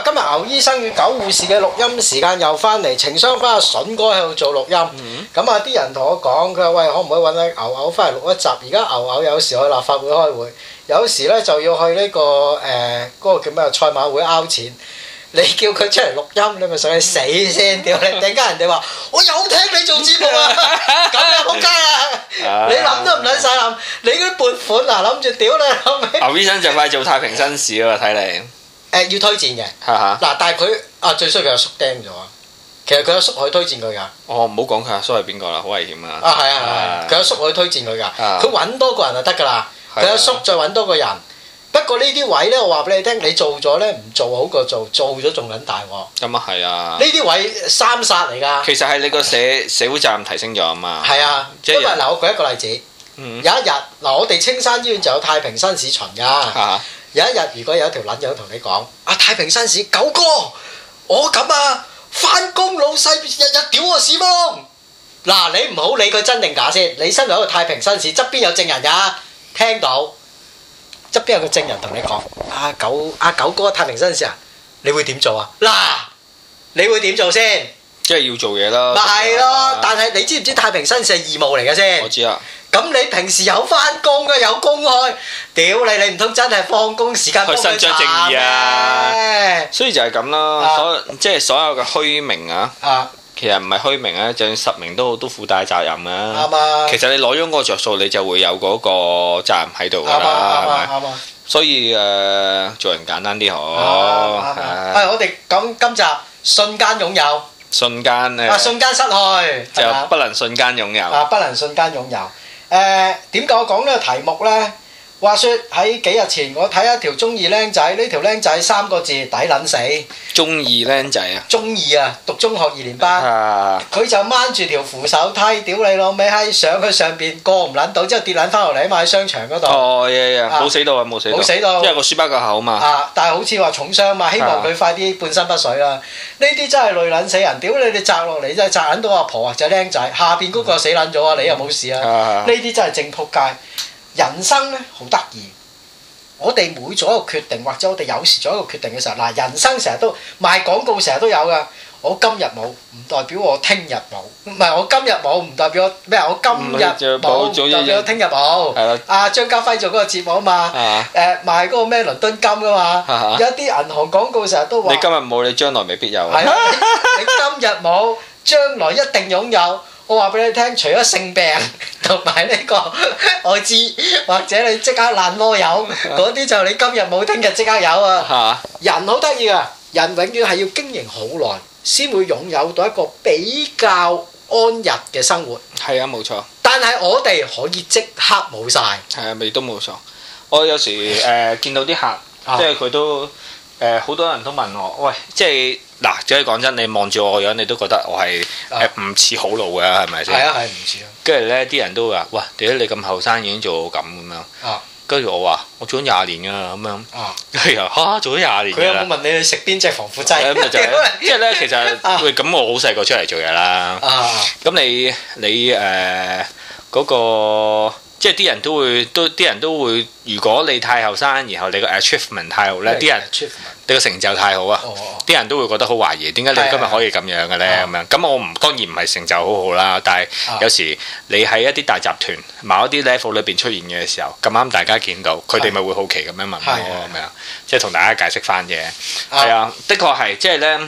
今日牛醫生與狗護士嘅錄音時間又翻嚟，情商翻阿筍哥喺度做錄音。咁啊、嗯嗯，啲人同我講，佢話喂，可唔可以搵阿牛牛翻嚟錄一集？而家牛牛有時去立法會開會，有時呢就要去呢、這個誒，嗰、呃那個叫咩啊？賽馬會拗錢，你叫佢出嚟錄音，你咪想你死先？屌你、嗯，突然間人哋話我有聽你做節目啊！咁樣扑街啊！啊你諗都唔諗晒諗，你嗰啲撥款啊，諗住屌你！嗯、 牛醫生就快做太平紳士啦，睇你。誒要推薦嘅，嗱，但係佢啊最衰佢阿叔釘咗，其實佢阿叔可以推薦佢噶。哦，唔好講佢阿叔係邊個啦，好危險啊！啊，係啊，佢阿叔可以推薦佢噶，佢揾多個人就得噶啦，佢阿叔再揾多個人。不過呢啲位咧，我話俾你聽，你做咗咧唔做好過做，做咗仲撚大鑊。咁啊係啊，呢啲位三殺嚟㗎。其實係你個社社會責任提升咗啊嘛。係啊，因為嗱，我舉一個例子，有一日嗱，我哋青山醫院就有太平紳士巡㗎。有一日，如果有一條撚友同你講：阿、啊、太平紳士九哥，我咁啊，翻工老細日日屌我屎崩。嗱，你唔好理佢真定假先。你身為一個太平紳士，側邊有證人呀、啊？聽到側邊有個證人同你講：阿九阿九哥太平紳士啊，你會點做啊？嗱，你會點做先、啊？即係要做嘢啦。咪係咯，但係你知唔知太平紳士係義務嚟嘅先？我知啊。咁你平時有翻工嘅，有公開，屌你，你唔通真係放工時間去伸張正義啊，所以就係咁咯，所即係所有嘅虛名啊，其實唔係虛名啊，就算實名都都附帶責任啊。其實你攞咗嗰個著數，你就會有嗰個責任喺度啦，係咪？所以誒，做人簡單啲好。係我哋咁今集瞬間擁有，瞬間誒，瞬間失去，就不能瞬間擁有，不能瞬間擁有。誒，點解、呃、我講呢個題目咧？話説喺幾日前，我睇一條中二僆仔，呢條僆仔三個字抵撚死。中二僆仔啊！中二啊，讀中學二年班。佢、啊、就掹住條扶手梯，屌你老尾喺上去上邊過唔撚到，之後跌撚翻落嚟，埋喺商場嗰度。哦，呀冇死到啊，冇、啊啊、死到。冇死到，死到因為個書包架口啊嘛。啊但係好似話重傷啊嘛，希望佢快啲半身不遂啦。呢啲真係累撚死人，屌你！你摘落嚟真係砸撚到阿婆啊，就僆仔下邊嗰個死撚咗、嗯、啊，你又冇事、嗯、啊？呢啲、啊、真係正撲街。人生咧好得意，我哋每做一個決定，或者我哋有時做一個決定嘅時候，嗱，人生成日都賣廣告，成日都有㗎。我今日冇，唔代表我聽日冇。唔係我今日冇，唔代表我咩啊？我今日冇，唔代表我聽日冇。係啦。阿張家輝做嗰個節目啊嘛，誒賣嗰個咩倫敦金吖嘛，有一啲銀行廣告成日都話。你今日冇，你將來未必有。係啊，你今日冇，將來一定擁有。我話俾你聽，除咗性病同埋呢個 我知，或者你即刻爛摩友嗰啲，啊、就你今日冇，聽日即刻有啊！係人好得意啊！人永遠係要經營好耐，先會擁有到一個比較安逸嘅生活。係啊，冇錯。但係我哋可以即刻冇晒，係啊，未都冇錯。我有時誒、呃、見到啲客，啊、即係佢都。誒好、呃、多人都問我，喂，即係嗱，就是、真係講真，你望住我個樣，你都覺得我係誒唔似好老嘅，係咪先？係啊，係唔似啊。跟住咧，啲人都話：嘩，點解你咁後生已經做咁咁樣？跟住、啊、我話：我做咗廿年㗎啦，咁樣啊。啊，係啊，嚇，做咗廿年。佢有冇問你食邊隻防腐劑？咁、嗯、就是、即係咧，其實、啊、喂，咁我好細個出嚟做嘢啦。咁你你誒嗰、那個。即係啲人都會，都啲人都會。如果你太後生，然後你個 achievement 太好咧，啲人，achievement，你個成就太好啊，啲、哦哦、人都會覺得好懷疑，點解你今日可以咁樣嘅咧？咁的樣，咁、嗯、我唔，當然唔係成就好好啦。但係有時你喺一啲大集團某一啲 level 裏邊出現嘅時候，咁啱大家見到，佢哋咪會好奇咁樣問我咁的、嗯、樣，即係同大家解釋翻嘅。係啊的、嗯，的確係，即係咧，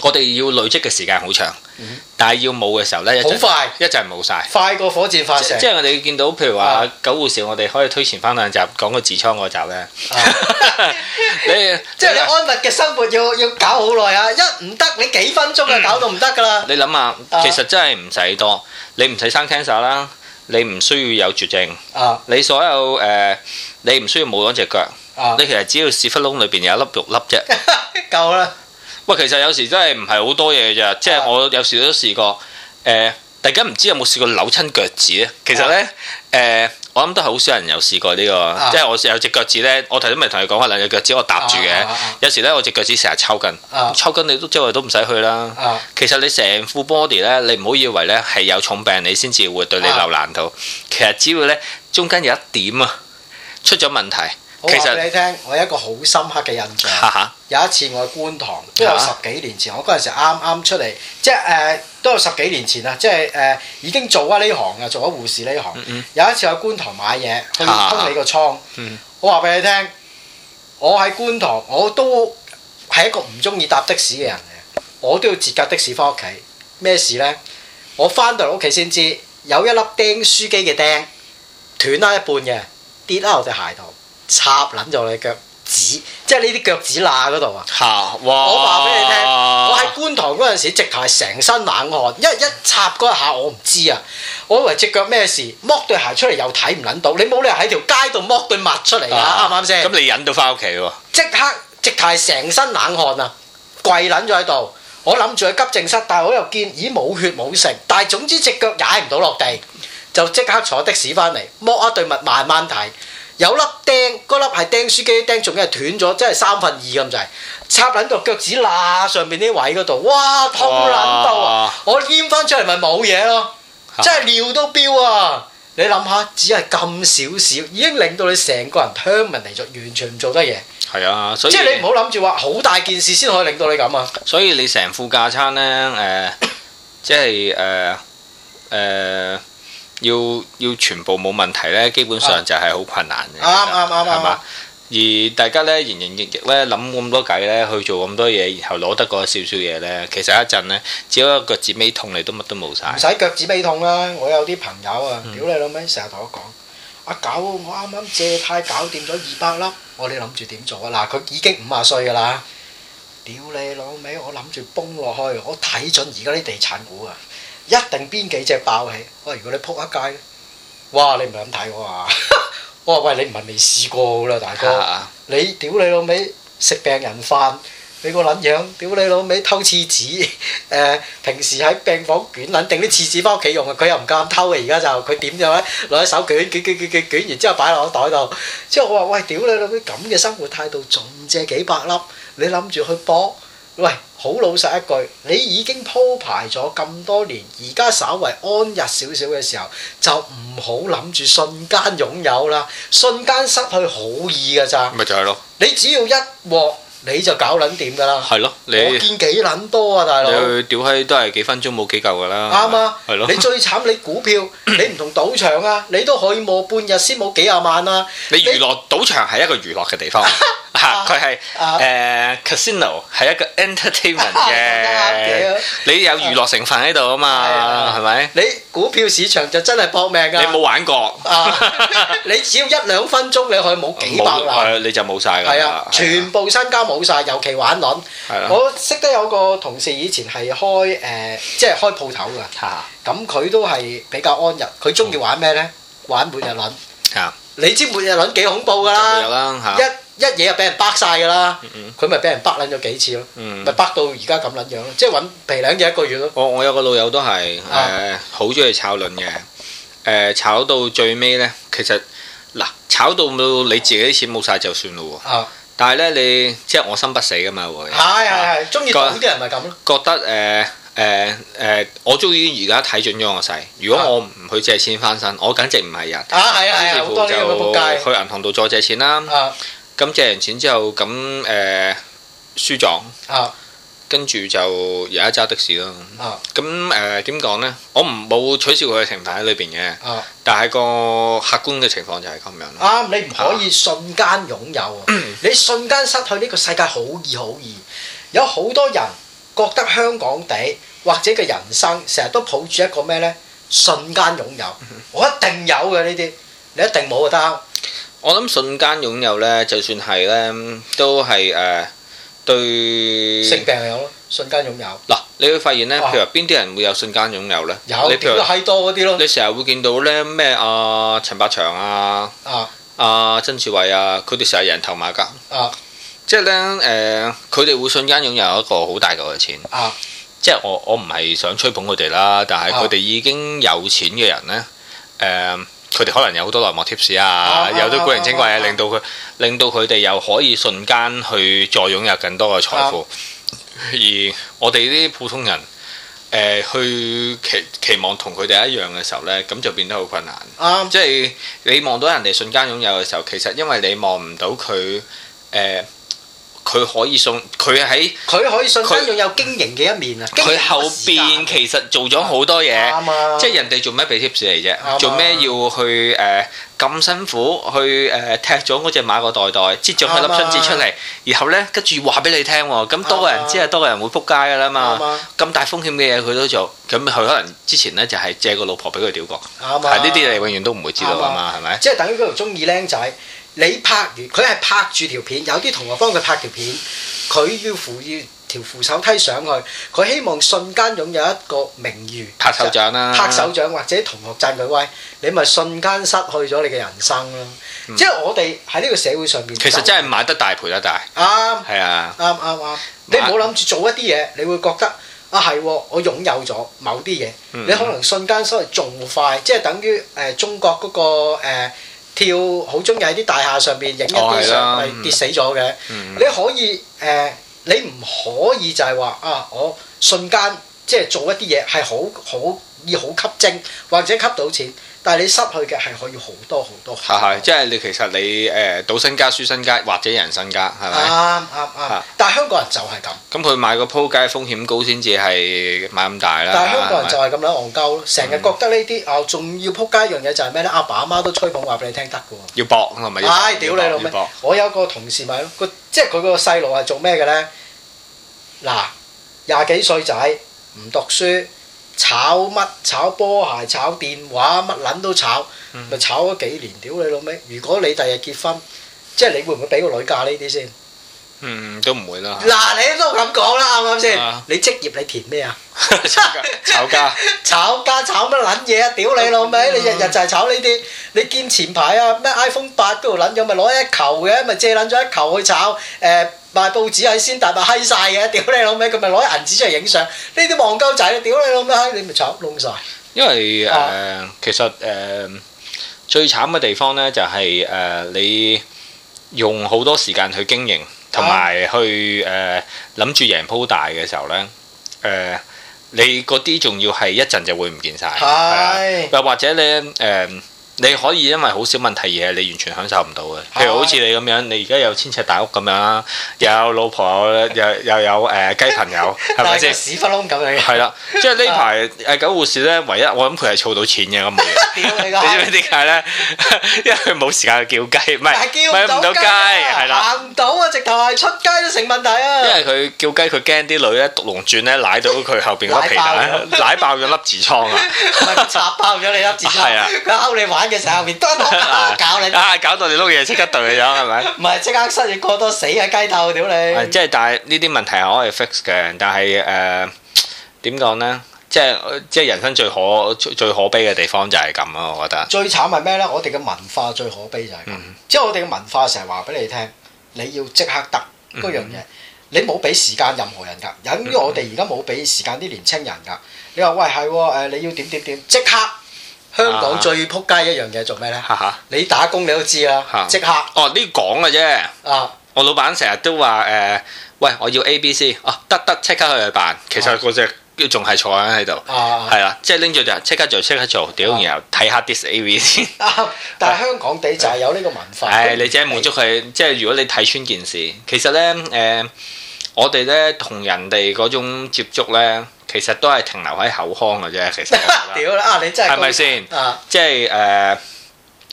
我哋要累積嘅時間好長。嗯、但係要冇嘅時候咧，好快，一陣冇晒，快過火箭發射。即係我哋見到，譬如話九護士，我哋可以推前翻兩集，講個痔瘡嗰集咧。啊、 你即係 你安逸嘅生活要要搞好耐啊，一唔得你幾分鐘啊搞到唔得噶啦。你諗下，其實真係唔使多，你唔使生 cancer 啦，你唔需要有絕症。啊，你所有誒、呃，你唔需要冇咗隻腳。啊、你其實只要屎忽窿裏邊有一粒肉粒啫，夠啦。 喂，其實有時真係唔係好多嘢咋，即係我有時都試過，誒、呃，大家唔知有冇試過扭親腳趾咧？其實咧，誒、呃，我諗都係好少人有試過呢、這個，啊、即係我有隻腳趾咧，我頭先咪同你講話兩隻腳趾我搭住嘅，啊啊啊、有時咧我隻腳趾成日抽筋，抽筋、啊、你都周圍都唔使去啦。啊、其實你成副 body 咧，你唔好以為咧係有重病你先至會對你留難到，啊、其實只要咧中間有一點啊出咗問題。我話俾你聽，我有一個好深刻嘅印象。有一次我去觀塘，都有十幾年前。我嗰陣時啱啱出嚟，即係誒、呃、都有十幾年前啦。即係誒、呃、已經做咗呢行嘅，做咗護士呢行。嗯嗯，有一次去觀塘買嘢，去清、啊、你個倉。嗯、我話俾你聽，我喺觀塘我都係一個唔中意搭的士嘅人嚟。我都要截架的士翻屋企。咩事呢？我翻到嚟屋企先知，有一粒釘書機嘅釘斷啦一半嘅，跌喺我隻鞋度。插撚咗你腳趾，即係呢啲腳趾罅嗰度啊！嚇哇！我話俾你聽，我喺觀塘嗰陣時，直頭係成身冷汗，因為一插嗰一下，我唔知啊！我以為隻腳咩事，剝對鞋出嚟又睇唔撚到，你冇理由喺條街度剝對襪出嚟啊！啱唔啱先？咁、啊、你忍到翻屋企喎？即刻，直頭係成身冷汗啊！跪撚咗喺度，我諗住去急症室，但係我又見咦冇血冇剩，但係總之隻腳踩唔到落地，就即刻坐的士翻嚟剝一對襪慢慢睇。有粒釘，嗰粒係釘書機釘，仲兼係斷咗，即係三分二咁滯，插喺個腳趾罅上面啲位嗰度，哇痛撚到、啊！哇我黏翻出嚟咪冇嘢咯，啊、真係尿都飆啊！你諗下，只係咁少少，已經令到你成個人香，聞嚟就完全唔做得嘢。係啊，所以即係你唔好諗住話好大件事先可以令到你咁啊。所以你成副架餐咧，誒、呃， 即係誒誒。呃呃呃要要全部冇問題咧，基本上就係好困難嘅。啱啱啱啱。係嘛？而大家咧，營營役役咧，諗咁多計咧，o, 去做咁多嘢，然後攞得嗰少少嘢咧，其實一陣咧，只要腳趾尾痛你都乜都冇晒。唔使腳趾尾痛啦，我有啲朋友啊，屌你老味，成日同我講，阿狗，我啱啱借貸搞掂咗二百粒，itos, 我哋諗住點做啊？嗱，佢已經五啊歲㗎啦。屌你老味，我諗住崩落去，我睇準而家啲地產股啊！一定邊幾隻爆起？我話如果你撲一街咧，哇！你唔係咁睇我啊！我話喂，你唔係未試過噶啦，大哥。你屌你老味，食病人飯，你個撚樣！屌你老味偷廁紙。誒，平時喺病房捲撚定啲廁紙翻屋企用啊！佢又唔夠膽偷啊！而家就佢點啫？咩攞一手捲卷卷卷卷捲完之後擺落個袋度。之後我話喂，屌你老味，咁嘅生活態度，仲借幾百粒？你諗住去搏？」喂，好老實一句，你已經鋪排咗咁多年，而家稍為安逸少少嘅時候，就唔好諗住瞬間擁有啦，瞬間失去好易㗎咋？咪就係咯，你只要一握。你就搞撚點㗎啦？係咯，你見幾撚多啊，大佬！你去屌閪都係幾分鐘冇幾嚿㗎啦。啱啊，係咯。你最慘，你股票，你唔同賭場啊，你都可以冇半日先冇幾廿萬啊。你娛樂賭場係一個娛樂嘅地方，嚇佢係誒 Casino 係一個 entertainment 嘅。你有娛樂成分喺度啊嘛，係咪？你股票市場就真係搏命㗎！你冇玩過啊？你只要一兩分鐘，你可以冇幾百萬，係你就冇曬㗎。係啊，全部身家。冇晒，尤其玩輪。我識得有個同事以前係開誒，即係開鋪頭㗎。咁佢都係比較安逸。佢中意玩咩咧？玩每日輪。你知每日輪幾恐怖㗎啦！一嘢就俾人崩晒㗎啦。佢咪俾人崩輪咗幾次咯？咪崩到而家咁撚樣咯。即係揾皮兩嘢一個月咯。我我有個老友都係誒，好中意炒輪嘅。誒炒到最尾咧，其實嗱，炒到你自己啲錢冇晒就算咯喎。但係咧，你即係我心不死噶嘛會，係係係中意搏啲人咪咁咯。覺得誒誒誒，我終於而家睇準咗我細。如果我唔去借錢翻身，我簡直唔係人啊！係啊係好多嘅去銀行度再借錢啦。咁、啊、借完錢之後，咁誒、呃、輸咗。啊跟住就有一揸的士咯。咁誒，點講呢？我唔冇取笑佢嘅平台喺裏邊嘅。但係個客觀嘅情況就係咁樣。啱，你唔可以瞬間擁有，你瞬間失去呢個世界好易好易。有好多人覺得香港地或者嘅人生成日都抱住一個咩呢？瞬間擁有，我一定有嘅呢啲，你一定冇就得。我諗瞬間擁有呢，就算係呢，都係誒。對，性病有咯，瞬間擁有。嗱，你會發現咧，啊、譬如邊啲人會有瞬間擁有咧？有，你譬如閪多啲咯。你成日會見到咧，咩啊、呃、陳百祥啊，啊啊曾志偉啊，佢哋成日人頭馬甲，啊，即係咧誒，佢、呃、哋會瞬間擁有一個好大嚿嘅錢。啊，即係我我唔係想吹捧佢哋啦，但係佢哋已經有錢嘅人咧，誒、呃。呃佢哋可能有好多內幕 tips 啊，啊有啲古靈精怪啊，啊啊啊令到佢令到佢哋又可以瞬間去再擁有更多嘅財富。啊、而我哋啲普通人，呃、去期期望同佢哋一樣嘅時候呢，咁就變得好困難。啊、即係你望到人哋瞬間擁有嘅時候，其實因為你望唔到佢佢可以信，佢喺佢可以信佢擁有經營嘅一面啊！佢後邊其實做咗好多嘢，即係人哋做咩俾貼士嚟啫？做咩要去誒咁辛苦去誒踢咗嗰隻馬個袋袋，接咗佢粒春節出嚟，然後咧跟住話俾你聽喎，咁多個人知啊，多個人會撲街噶啦嘛！咁大風險嘅嘢佢都做，咁佢可能之前咧就係借個老婆俾佢屌過，係呢啲你永遠都唔會知道啊嘛，係咪？即係等於佢中意僆仔。你拍完，佢係拍住條片，有啲同學幫佢拍條片，佢要扶住條扶手梯上去，佢希望瞬間擁有一個名譽，拍手掌啦、啊，拍手掌或者同學讚佢威，你咪瞬間失去咗你嘅人生咯、啊。嗯、即係我哋喺呢個社會上面，其實真係買得大，賠得大。啱，係啊，啱啱啱。你唔好諗住做一啲嘢，你會覺得啊係、啊，我擁有咗某啲嘢，你、嗯嗯嗯、可能瞬間所謂仲快，即係等於誒中國嗰、那個、嗯嗯嗯跳好中意喺啲大廈上邊影一啲相，係跌、哦嗯、死咗嘅。嗯、你可以誒、呃，你唔可以就係話啊！我瞬間即係做一啲嘢係好好要好吸睛，或者吸到錢。但係你失去嘅係可以好多好多，係係，即係你其實你誒賭身家輸身家或者人身家係咪？啱啱啱，但係香港人就係咁。咁佢買個鋪街風險高先至係買咁大啦。但係香港人就係咁樣戇鳩咯，成日覺得呢啲啊，仲要撲街一樣嘢就係咩咧？阿爸阿媽都吹捧話俾你聽得嘅喎。要搏係咪？唉！屌你老味！我有個同事咪咯，個即係佢個細路係做咩嘅咧？嗱，廿幾歲仔唔讀書。炒乜，炒波鞋、炒電話，乜撚都炒，咪炒咗幾年，屌你老味！如果你第日結婚，即係你會唔會俾個女嫁呢啲先？嗯，都唔會啦。嗱，你都咁講啦，啱唔啱先？你職業你填咩啊？炒家。炒家炒乜撚嘢啊？屌你老味！你日日就係炒呢啲。你見前排啊咩 iPhone 8嗰度撚咗，咪攞一球嘅，咪借撚咗一球去炒誒。賣報紙係先，但賣閪晒嘅，屌你老味！佢咪攞銀紙出嚟影相，呢啲望鳩仔，屌你老味，你咪巢弄晒！因為誒、啊呃，其實誒、呃、最慘嘅地方咧，就係、是、誒、呃、你用好多時間去經營，同埋去誒諗住贏鋪大嘅時候咧，誒、呃、你嗰啲仲要係一陣就會唔見晒。又是的、呃、或者咧誒。呃你可以因為好少問題嘢，你完全享受唔到嘅，譬如好似你咁樣，你而家有千尺大屋咁樣啦，又有老婆，又又有誒雞朋友，係咪先屎忽窿咁樣？係啦，即係呢排誒狗護士咧，唯一我諗佢係儲到錢嘅咁冇嘢。點你知唔知點解咧？因為佢冇時間去叫雞，唔係，唔到雞，係啦，唔到啊！直頭係出街都成問題啊！因為佢叫雞，佢驚啲女咧獨龍轉咧，舐到佢後邊嗰皮蛋，舐爆咗粒痔瘡啊！擦爆咗你粒痔瘡，係啊！佢你玩。嘅時候， 搞你啊 了！ 搞到你碌嘢，即刻對你咗，係咪？ 唔係即刻失業過多死喺雞竇，屌你！即係， 但係、呃、呢啲問題係可以 fix 嘅，但係誒點講咧？即係即係人生最可最可悲嘅地方就係咁咯，我覺得。最慘係咩咧？我哋嘅文化最可悲就係咁。嗯、即係我哋嘅文化成日話俾你聽，你要即刻得嗰樣嘢，你冇俾時間任何人㗎。由、嗯、於我哋而家冇俾時間啲年青人㗎，你話喂係誒？你要點點點即刻？香港最撲街一樣嘢做咩咧？哈哈你打工你都知啦，即哈刻哦，呢講嘅啫。啊、我老闆成日都話誒、呃，喂，我要 A B C，哦、啊、得得即刻去辦。其實嗰隻仲係坐緊喺度，係啦、啊，即係拎住就即刻做即刻做，屌然後睇下啲 A B C、啊。 但係香港地就係有呢個文化。係你只係滿足佢，即係如果你睇穿件事，其實咧誒、呃，我哋咧同人哋嗰種接觸咧。其實都係停留喺口腔嘅啫，其實。屌啦！啊，你真係。係咪先？啊。即係誒，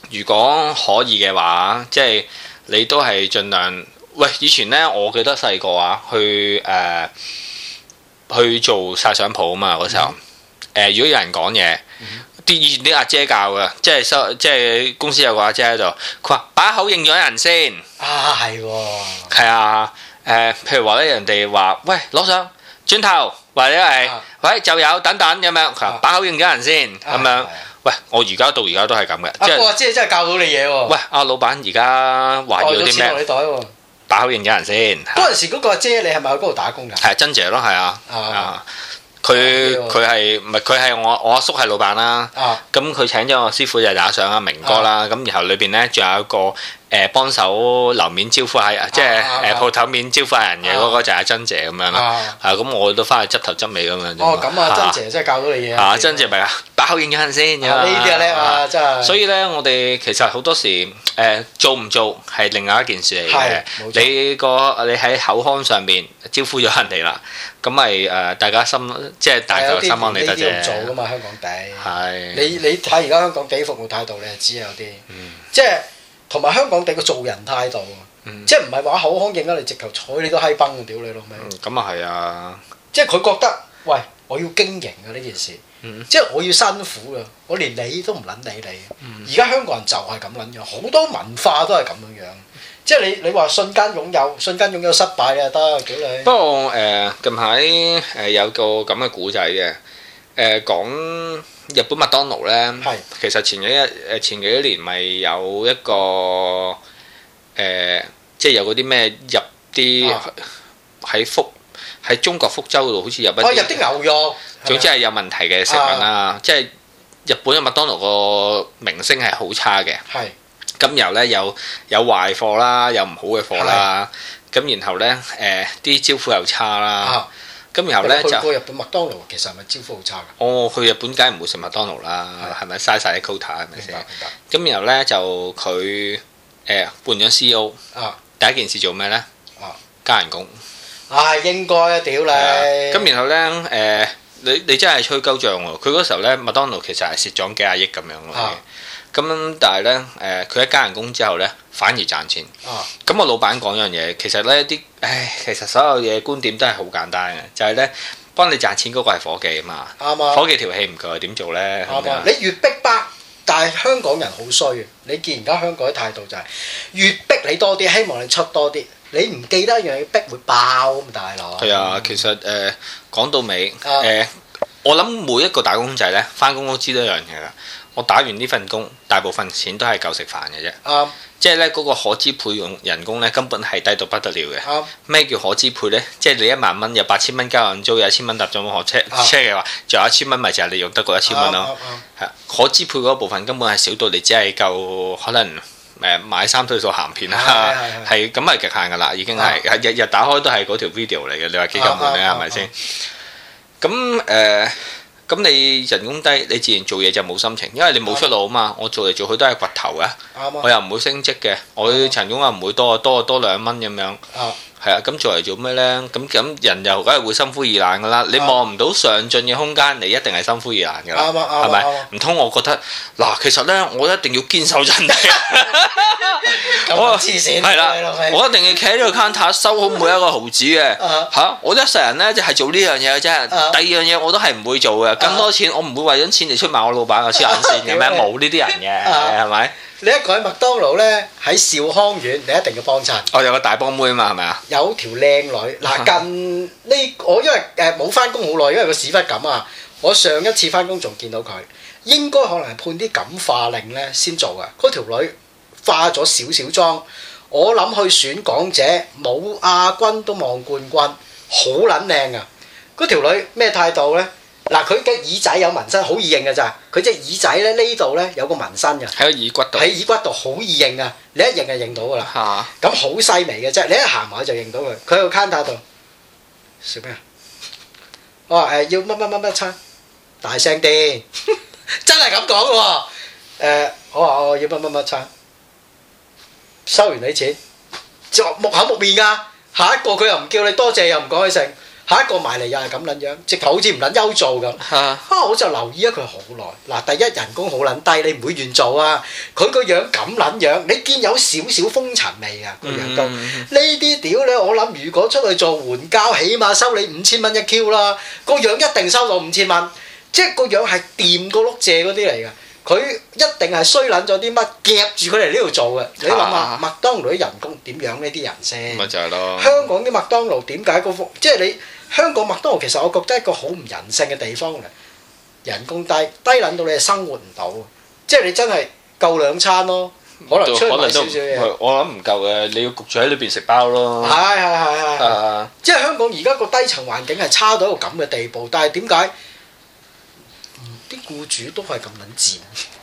如果可以嘅話，即係你都係盡量喂。以前咧，我記得細個啊，去誒去做晒相鋪啊嘛，嗰時候。誒，如果有人講嘢，啲以前啲阿姐教嘅，即係收，即係公司有個阿姐喺度，佢話把口認咗人先。啊，係喎。係啊，誒，譬如話咧，人哋話喂攞相。轉頭或者係喂就有等等咁樣，打口認咗人先咁樣。啊、喂，我而家到而家都係咁嘅。啊，我即係真係教到你嘢喎。喂、啊，阿老闆而家懷疑啲咩？我袋到錢落你袋喎、啊。把口認咗人先。嗰陣、啊、時嗰個阿姐，姐，你係咪喺嗰度打工噶？係珍姐咯，係啊。啊啊佢佢，係咪佢，係我，我阿叔係老闆啦，咁佢請咗我，師傅就打上阿明哥啦，咁然後裏邊咧仲有一個誒幫手樓面，招呼喺即係誒鋪頭面招呼人嘅嗰個就係阿珍姐咁樣啦，咁我都翻去執頭執尾咁樣哦，咁啊，珍姐真係教到你嘢啊！珍姐咪啊，把口應咗人先，呢啲係叻啊，真係。所以咧，我哋其實好多時誒做唔做係另外一件事嚟嘅，你個，你喺口腔上邊招呼咗人哋啦。咁咪誒，大家心即係大家心安理得你啲做噶嘛，香港地。係是。你你睇而家香港地服務態度，你就知啊，有啲。嗯。即係同埋香港地個做人態度，嗯、即係唔係話口乾應、嗯、啊，你直頭睬你都閪崩，屌你老味。咁啊係啊！即係佢覺得，喂，我要經營啊呢件事。嗯即係我要辛苦噶，我連你都唔捻理你。而家香港人就係咁捻樣，好多文化都係咁樣樣。即係你你話瞬間擁有，瞬間擁有失敗啊得，屌你！不過誒近排誒有個咁嘅古仔嘅，誒講日本麥當勞咧，係其實前幾誒前幾年咪有一個誒，即係有嗰啲咩入啲喺福喺中國福州度好似入一啲牛肉。總之係有問題嘅食品啦，即係日本嘅麥當勞個名聲係好差嘅。係。咁然後咧，有有壞貨啦，有唔好嘅貨啦。咁然後咧，誒啲招呼又差啦。咁然後咧就去過日本麥當勞，其實係咪招呼好差㗎？我去日本梗係唔會食麥當勞啦，係咪嘥晒啲 quota 係咪先？明白明白。咁然後咧就佢誒換咗 CEO 第一件事做咩咧？加人工。啊，應該屌你。咁然後咧誒？你你真係吹鳩脹喎！佢嗰時候咧，麥當勞其實係蝕咗幾廿億咁樣囉，咁、啊、但係咧，誒、呃、佢一加人工之後咧，反而賺錢。咁、啊、我老闆講樣嘢，其實咧啲，唉，其實所有嘢觀點都係好簡單嘅，就係、是、咧幫你賺錢嗰個係夥計啊嘛。啱啊！夥計條氣唔夠，點做咧？啊、是是你越逼巴，但係香港人好衰，你見而家香港嘅態度就係、是、越逼你多啲，希望你出多啲。你唔記得一樣嘢，逼會爆咁大鑼。係啊，其實誒講、呃、到尾誒、啊呃，我諗每一個打工仔咧，翻工都知道一樣嘢啦。我打完呢份工，大部分錢都係夠食飯嘅啫。啊、即係咧嗰個可支配用人工咧，根本係低到不得了嘅。咩、啊、叫可支配咧？即係你一萬蚊，有八千蚊交緊租，有一千蚊搭咗部學車嘅、啊、話，仲有一千蚊咪就係你用得過一千蚊咯。係、啊啊、可支配嗰部分根本係少到你只係夠可能。誒買三推數鹹片啊，係咁係極限噶啦，已經係日日打開都係嗰條 video 嚟嘅。你話幾咁悶咧？係咪先？咁誒，咁你人工低，你自然做嘢就冇心情，因為你冇出路啊嘛。我做嚟做去都係掘頭呀，我又唔會升職嘅，我人工又唔會多多多兩蚊咁樣。係啊，咁做嚟做咩咧？咁咁人又梗係會心灰意冷噶啦！你望唔到上進嘅空間，你一定係心灰意冷噶啦。啱啊！啱啊！啱啊！係咪？唔通我覺得嗱，其實咧，我一定要堅守陣地。我黐線。係啦，我一定要企喺呢個 counter 收好每一個毫子嘅。嚇！我一世人咧就係做呢樣嘢嘅啫。第二樣嘢我都係唔會做嘅。咁多錢我唔會為咗錢嚟出賣我老闆嘅黐眼線嘅咩？冇呢啲人嘅係咪？你一個喺麥當勞咧，喺兆康苑，你一定要幫襯。我有個大幫妹啊嘛，係咪啊？有條靚女嗱，近呢我因為誒冇翻工好耐，因為個屎忽咁啊！我上一次翻工仲見到佢，應該可能係判啲感化令咧先做嘅。嗰條女化咗少少妝，我諗去選港姐冇亞軍都望冠軍，好撚靚啊！嗰條女咩態度咧？嗱，佢嘅耳仔有紋身，好易認㗎咋？佢隻耳仔咧，呢度咧有個紋身㗎，喺個耳骨度，喺耳骨度好易認啊！你一認就認到噶啦。嚇、啊！咁好細微嘅啫，你一行埋去就認到佢。佢喺個 counter 度食咩啊？我話誒、呃、要乜乜乜乜餐，大聲啲， 真係咁講嘅喎。誒、呃，我話我要乜乜乜餐，收完你錢，作木口木面噶、啊。下一個佢又唔叫你多謝又，又唔講你聲。下一個埋嚟又係咁撚樣，直頭好似唔撚休做咁。啊，啊，我就留意咗佢好耐。嗱，第一人工好撚低，你唔會願做啊。佢個樣咁撚樣，你見有少少風塵味啊。個樣都呢啲屌咧，我諗如果出去做援交，起碼收你五千蚊一 Q 啦。個樣一定收到五千蚊，即係個樣係掂過碌蔗嗰啲嚟嘅。佢一定係衰撚咗啲乜夾住佢嚟呢度做嘅。你話麥、啊、麥當勞啲人工點樣養呢啲人先？咪、嗯、就係、是、咯。嗯、香港啲麥當勞點解嗰幅？即係你。香港麥當勞其實我覺得係一個好唔人性嘅地方咧，人工低低撚到你係生活唔到，即係你真係夠兩餐咯，可能出埋少少嘢。我諗唔夠嘅，你要焗住喺裏邊食包咯。係係係係，啊啊啊、即係香港而家個低層環境係差到一個咁嘅地步，但係點解啲僱主都係咁撚賤？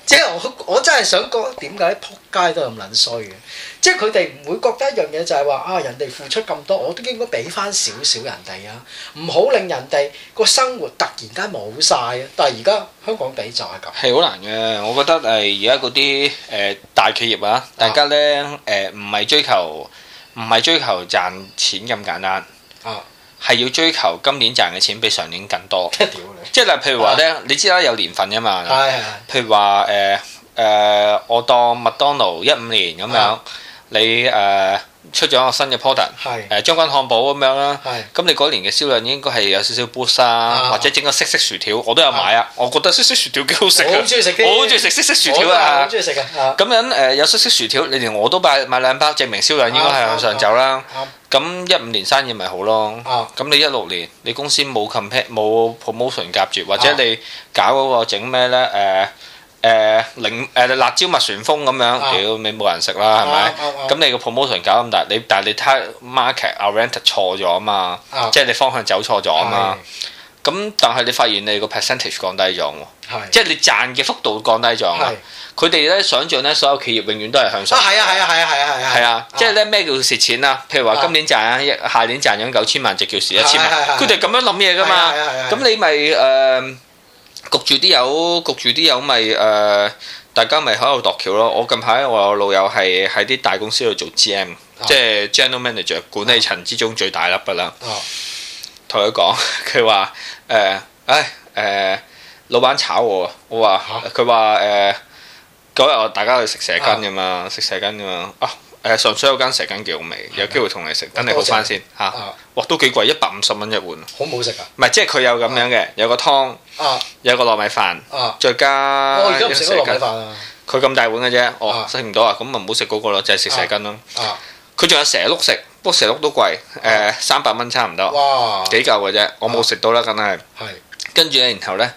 即係我我真係想講點解撲街都咁撚衰嘅，即係佢哋唔會覺得一樣嘢就係話啊人哋付出咁多，我都應該俾翻少少人哋啊，唔好令人哋個生活突然間冇晒啊！但係而家香港比就係咁。係好難嘅，我覺得誒而家嗰啲誒大企業啊，大家咧誒唔係追求唔係追求賺錢咁簡單啊。係要追求今年賺嘅錢比上年更多。即係屌你！譬如話咧，你知啦，有年份啊嘛。係譬如話誒誒，我當麥當勞一五年咁樣，你誒出咗一個新嘅 product，誒將軍漢堡咁樣啦。係。咁你嗰年嘅銷量應該係有少少 boost 啊，或者整個色色薯條，我都有買啊，我覺得色色薯條幾好食啊。我好中意食我好中意食色色薯條啊！我好中意食啊。咁樣誒，有色色薯條，你連我都買買兩包，證明銷量應該係向上走啦。咁一五年生意咪好咯，咁、啊、你一六年你公司冇 compete 冇 promotion 夾住，或者你搞嗰個整咩咧？誒、呃、誒、呃、零誒、呃、辣椒蜜旋風咁樣，屌你冇人食啦，係咪？咁你個 promotion 搞咁大，你但係你睇 market orientation 錯咗啊嘛，啊，即係你方向走錯咗啊嘛。咁、啊、但係你發現你個 percentage 降低咗喎，即係、啊、你賺嘅幅度降低咗是佢哋咧想象咧，所有企業永遠都係向上啊，啊，係啊，係啊，係啊，係啊。係啊，即係咧咩叫蝕錢啊？譬如話今年賺緊一，下年賺咗九千萬，就叫蝕一千萬。佢哋咁樣諗嘢噶嘛？咁你咪誒焗住啲友，焗住啲友咪誒，大家咪喺度度橋咯。我近排我有老友係喺啲大公司度做 G M，即係 General Manager，管理層之中最大粒噶啦。同佢講，佢話誒，唉老闆炒我，我話佢話誒。嗰日我大家去食蛇羹噶嘛，食蛇羹噶嘛。啊，誒上水有間蛇羹幾好味，有機會同你食，等你好翻先嚇。哇，都幾貴，一百五十蚊一碗。好唔好食噶？唔係，即係佢有咁樣嘅，有個湯，有個糯米飯，再加。我而家食緊糯米飯啊！佢咁大碗嘅啫，我食唔到啊，咁咪唔好食嗰個咯，就係食蛇羹咯。佢仲有蛇碌食，不過蛇碌都貴，誒三百蚊差唔多。哇！幾嚿嘅啫，我冇食到啦，梗係。跟住咧，然後咧，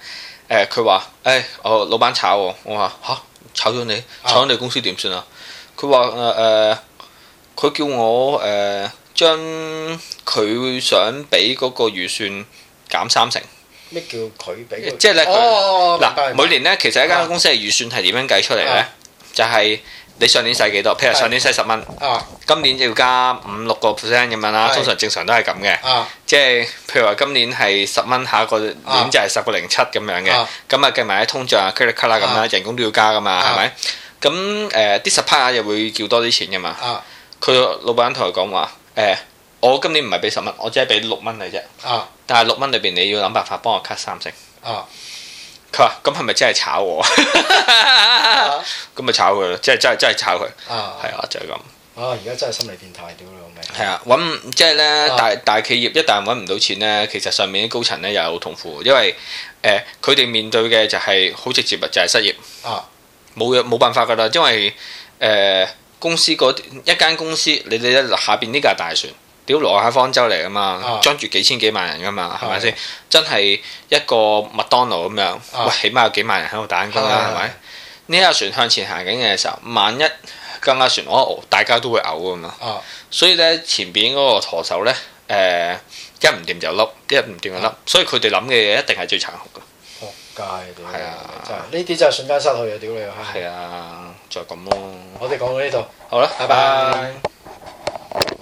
誒佢話，誒我老闆炒我，我話炒咗你，炒咗你公司點算啊？佢話誒，佢、呃、叫我誒將佢想俾嗰個預算減三成。咩叫佢俾？即係咧，嗱，每年咧，其實一間公司嘅預算係點樣計出嚟咧？啊、就係、是。你上年使幾多？譬如上年使十蚊，啊、今年就要加五六個 percent 咁樣啦。是通常正常都係咁嘅，啊、即係譬如話今年係十蚊，下個年就係十個零七咁樣嘅。咁啊計埋啲通脹啊，credit card 啊咁樣啦，人工都要加噶嘛，係咪、啊？咁誒，supplier 又會叫多啲錢嘅嘛。佢、啊、老闆同佢講話誒，我今年唔係俾十蚊，我只係俾六蚊你啫。啊、但係六蚊裏邊你要諗辦法幫我 cut 三成。啊咁係咪真係炒我？咁 咪、uh huh. 炒佢咯、就是，真係真係真係炒佢，係、uh huh. 啊，就係、是、咁。Uh huh. 啊！而家真係心理變態屌，老味、就是，我哋係啊，揾即係咧，大大企業一旦揾唔到錢咧，其實上面啲高層咧又好痛苦，因為誒佢哋面對嘅就係好直接物，就係、是、失業啊，冇冇、uh huh. 辦法噶啦，因為誒、呃、公司嗰一間公司，你你咧下邊呢架大船。屌，落喺方舟嚟噶嘛，裝住幾千幾萬人噶嘛，係咪先？真係一個麥當勞咁樣，喂，起碼有幾萬人喺度打緊工啦，係咪？呢架船向前行緊嘅時候，萬一更架船屙，大家都會嘔噶嘛。所以咧，前邊嗰個舵手咧，誒，一唔掂就笠，一唔掂就笠，所以佢哋諗嘅嘢一定係最殘酷噶。撲街啊！呢啲真係瞬間失去啊！屌你啊！係啊，再咁咯。我哋講到呢度，好啦，拜拜。